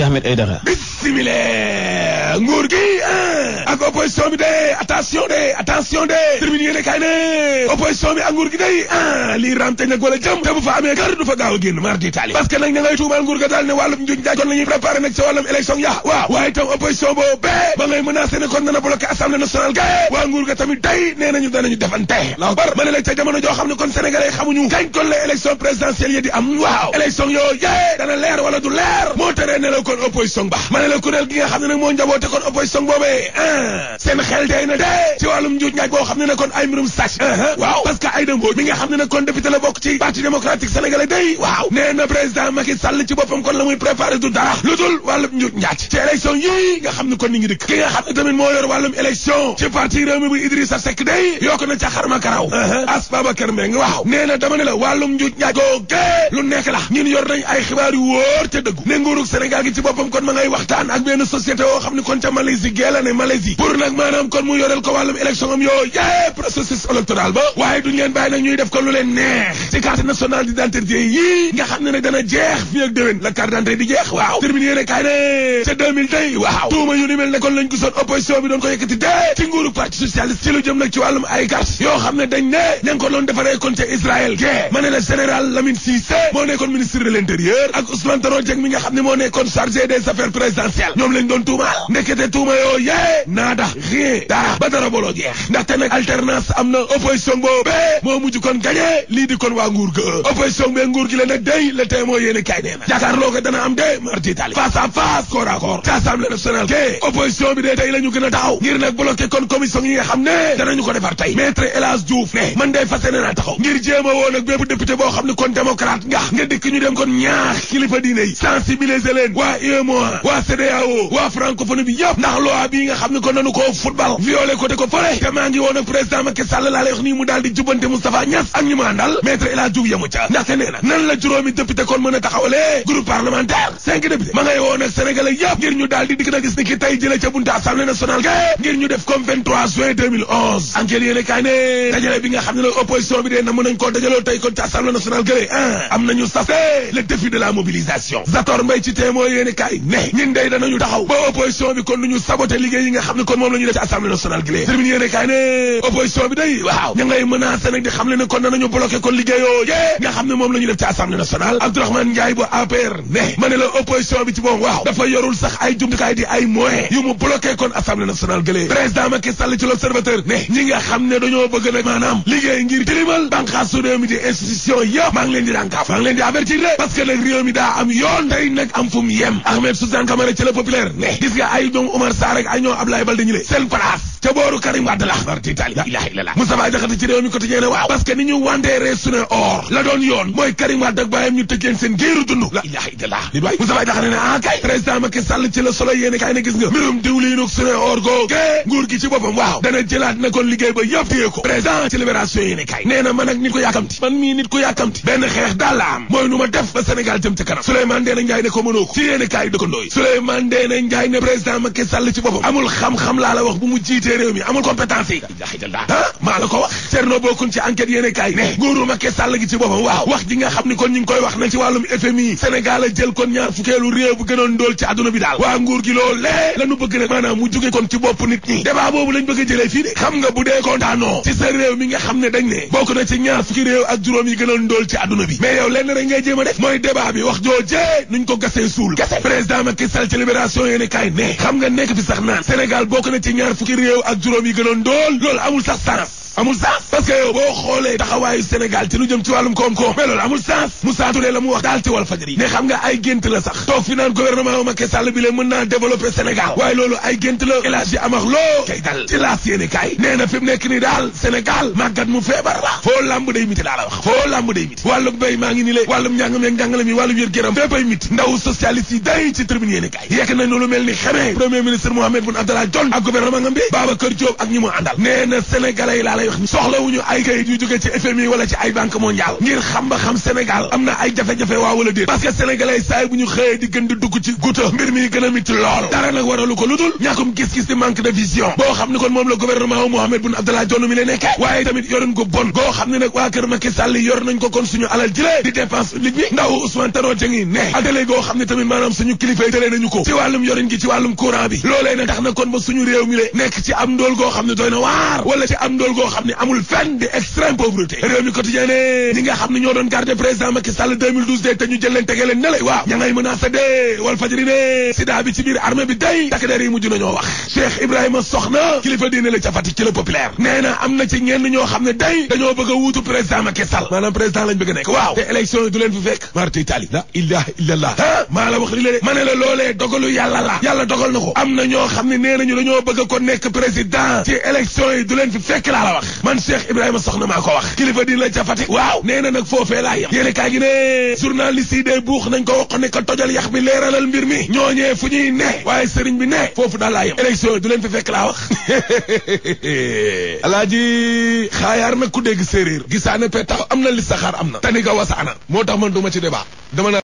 Ahmed Aidara. Bismillah nguur gi ah. ak opposition bi de attention de attention de termine opposition bi ak gi day ah lii ramte nag wala jëm te bu fa amee kër du fa gaaw a génn mar di tali parce que nag ña ngay tuumaal nguur ga daal ne wàllum njuñ jaay kon la ñuy préparé nag sa wàllum élection ya waaw waaye itam opposition boobu bee ba ngay menacé ne kon dana bloqué assemblée nationale ga xam ne kon waaw élection yoo dana leer wala du leer moo tere ne kon opposition ba ma ne la seen xel day na dee ci wàllum njuuj njaaj boo xam ne ne kon ay mbirum sàcc uh-huh. waaw parce que Aïda Mbodj mi nga xam ne ne kon député la bokk ci parti démocratique sénégalais day waaw nee na président Macky Sall ci boppam kon la muy préparé du dara lu dul wàllum njuuj njaaj ci élection yii nga xam ne kon ni ngi dëkk ki nga xam ne tamit moo yor wàllum élection ci parti réew mi bu Idrissa Seck day yokk na ca xarma karaw uh-huh. as Babacar Mbengue waaw nee dama ne la wàllum njuuj njaaj googe lu politique pour nag maanaam kon mu yoreel ko wàllum élection am yoo yee processus électoral ba waaye duñ leen bàyyi nag ñuy def ko lu leen neex ci carte nationale d'identité yii nga xam ne dana jeex fii ak déwén la carte d'identité di jeex waaw terminé rek kaay ne ca 2000 day waaw tuma yu ni mel ne kon lañ gisoon opposition bi doon ko yëkkati dee ci nguuru parti socialiste ci lu jëm nag ci wàllum ay carte yoo xam ne dañ ne ña ngi ko doon defaree kon ca Israël gee ma ne la général Lamine Cissé moo nekkoon ministre de l'intérieur ak Ousmane Tanor Dieng mi nga xam ne moo nekkoon chargé des affaires présidentielles ñoom lañ doon tuumaal ndekete tuuma yoo yee naada rien dara ba dara booloo jeex ndaxte nag alternance am na opposition boobee moo mujj kon gañee lii di kon waa nguur ga opposition bee nguur gi la nag day le tey moo yéene kaay nee na jàkkaarloo ko dana am de mardi tali face à face corps à corps assemblée nationale ke opposition bi dee tey la gën a taxaw ngir nag bloqué kon commission yi nga xam ne danañu ko defar tey maître El Hadj Diouf ne man day fase ne naa taxaw ngir jéem a woo nag bépp député boo ko nanu koo football violé ko ko fële te maa ngi woon ak président Macky Sall laa lay wax nii mu daal di jubbante Moustapha Niass ak ñi ma àndal maître El Hadj Diouf yamu ca ndaxte nee na nan la juróomi député kon mën a taxawalee groupe parlementaire cinq député ma ngay woon ak sénégalais yëpp ngir ñu daal di dikk na ni ki tey jële ca buntu assemblée nationale ga ngir ñu def comme juin 2011 enquête ne dajale bi nga xam ne la opposition bi dee na mën a ñu saboté liggéey xam ne kon moom la ñuy def ci assemblée nationale gi opposition bi ci assemblée waaw dafa yorul sax ay jumtukaay di ay moyens yu mu bloqué kon assemblée nationale gi lee président Macky ci l'observateur ne ñi nga xam ne dañoo bëgg nag maanaam liggéey ngir tilimal bànqaas su réew di institution yëpp maa leen di dànkaaf maa leen di avertir de parce que nag daa am yoon day nag am fu yem Ahmed Suzanne Camara ci la populaire ne gis nga ay ñoom Oumar Sarr ak ay ñoom Ablaye Balde ñi le seen place ca Karim la ilaha illallah ci mi waaw parce que ni ñu or la doon yoon Karim ak ñu seen géeru la ilaha illallah li ah kay président Sall ci kay gis nga or nguur gi ci waaw dana na ba ko président ci libération kay man ak nit ko man nit ko am def ba Sénégal jëm kanam ne ko ko ci kay ne président Sall ci amul xam xam-xam laa la wax bu mu jiitee réew mi amul compétence yi ah maa la ko wax Cerno bokkun ci enquête yéene kaay ne nguuru Macky wax ji nga xam ni kon ñu ngi koy wax na ci wàllum FMI Sénégal a jël kon ñaar fukkeelu réew dool ci àdduna bi daal waa nguur gi loolu lée lañu bëgg kon ci bopp nit ñi débat boobu lañ bëgg a bu dee kontaanoo ci sa nga xam ne dañ ne na ci ñaar fukki réew ak juróom yi gënoon dool ci àdduna bi mais yow lenn rek ngay jéem a def mooy débat bi wax joojee nuñ ko gasee suul président Macky Sall ci libération yéene kaay ne xam nga nekk fi sax naan Sénégal bokk na ci ñaar fukki réew ak juróom yi gënoon dool loolu amul sax amul sens parce que yow boo xoolee taxawaayu Sénégal ci lu jëm ci wàllum koom-koom mais loolu amul sens Moussa Touré la mu wax daal ci wal fajri ne xam nga ay gént la sax toog fi naan gouvernement Macky Sall bi lee mën naa développer Sénégal waaye loolu ay gént la élage yi amax loo kay dal ci laas yéene kaay nee nekk ni daal Sénégal màggat mu feebar la foo làmb day miti daala wax foo làmb day miti wàllum béy maa ngi ni lay wàllum njàngam yeeg njàngale mi ay soxlawuñu ay kayit yu jóge ci FMI wala ci ay banque mondiale ngir xam ba xam Sénégal am na ay jafe-jafe waa wala déet parce que saay bu ñu xëyee di gën dugg ci guta mbir mi gën a lool dara nag waralu ko lu dul ñàkkum gis-gis di manque de vision boo xam ne kon moom la gouvernement wu Mohamed Boun Abdallah Dionne mi la nekke waaye tamit yorin ko bon goo xam ne nag waa kër Macky Sall yor nañ ko suñu alal jëlee di dépense publique xam ne amul fenn di extrême pauvreté réew mi quotidien ne nga xam ne ñoo doon garder président Macky Sall 2012 de te ñu jël leen tege leen ne waaw ña ngay wal fajri ne ci biir armée bi day takk der yi mujj nañoo wax Cheikh Ibrahima Soxna kilifa diine la ca Fatick ci populaire nee na am na ci ñenn ñoo xam ne day dañoo bëgg a wuutu président Macky Sall maanaam président lañ bëgg a la ilaha maa la wax ma ne la dogalu la wax man Cheikh Ibrahima Soxna maa ko wax kilifa diin la ca Fatick waaw nee na nag foofee laa yem yéene kaay gi ne journaliste yi dee buux nañ ko wax ne ko tojal yax bi leeralal mbir mi ñooñee fu ñuy ne waaye sëriñ bi ne foofu daal laa yem élection du leen fi fekk laa wax alaaji xaayaar nag ku dégg séeréer gisaane pe tax am na li saxaar am na tani ga wasaana moo tax man duma ci débat dama na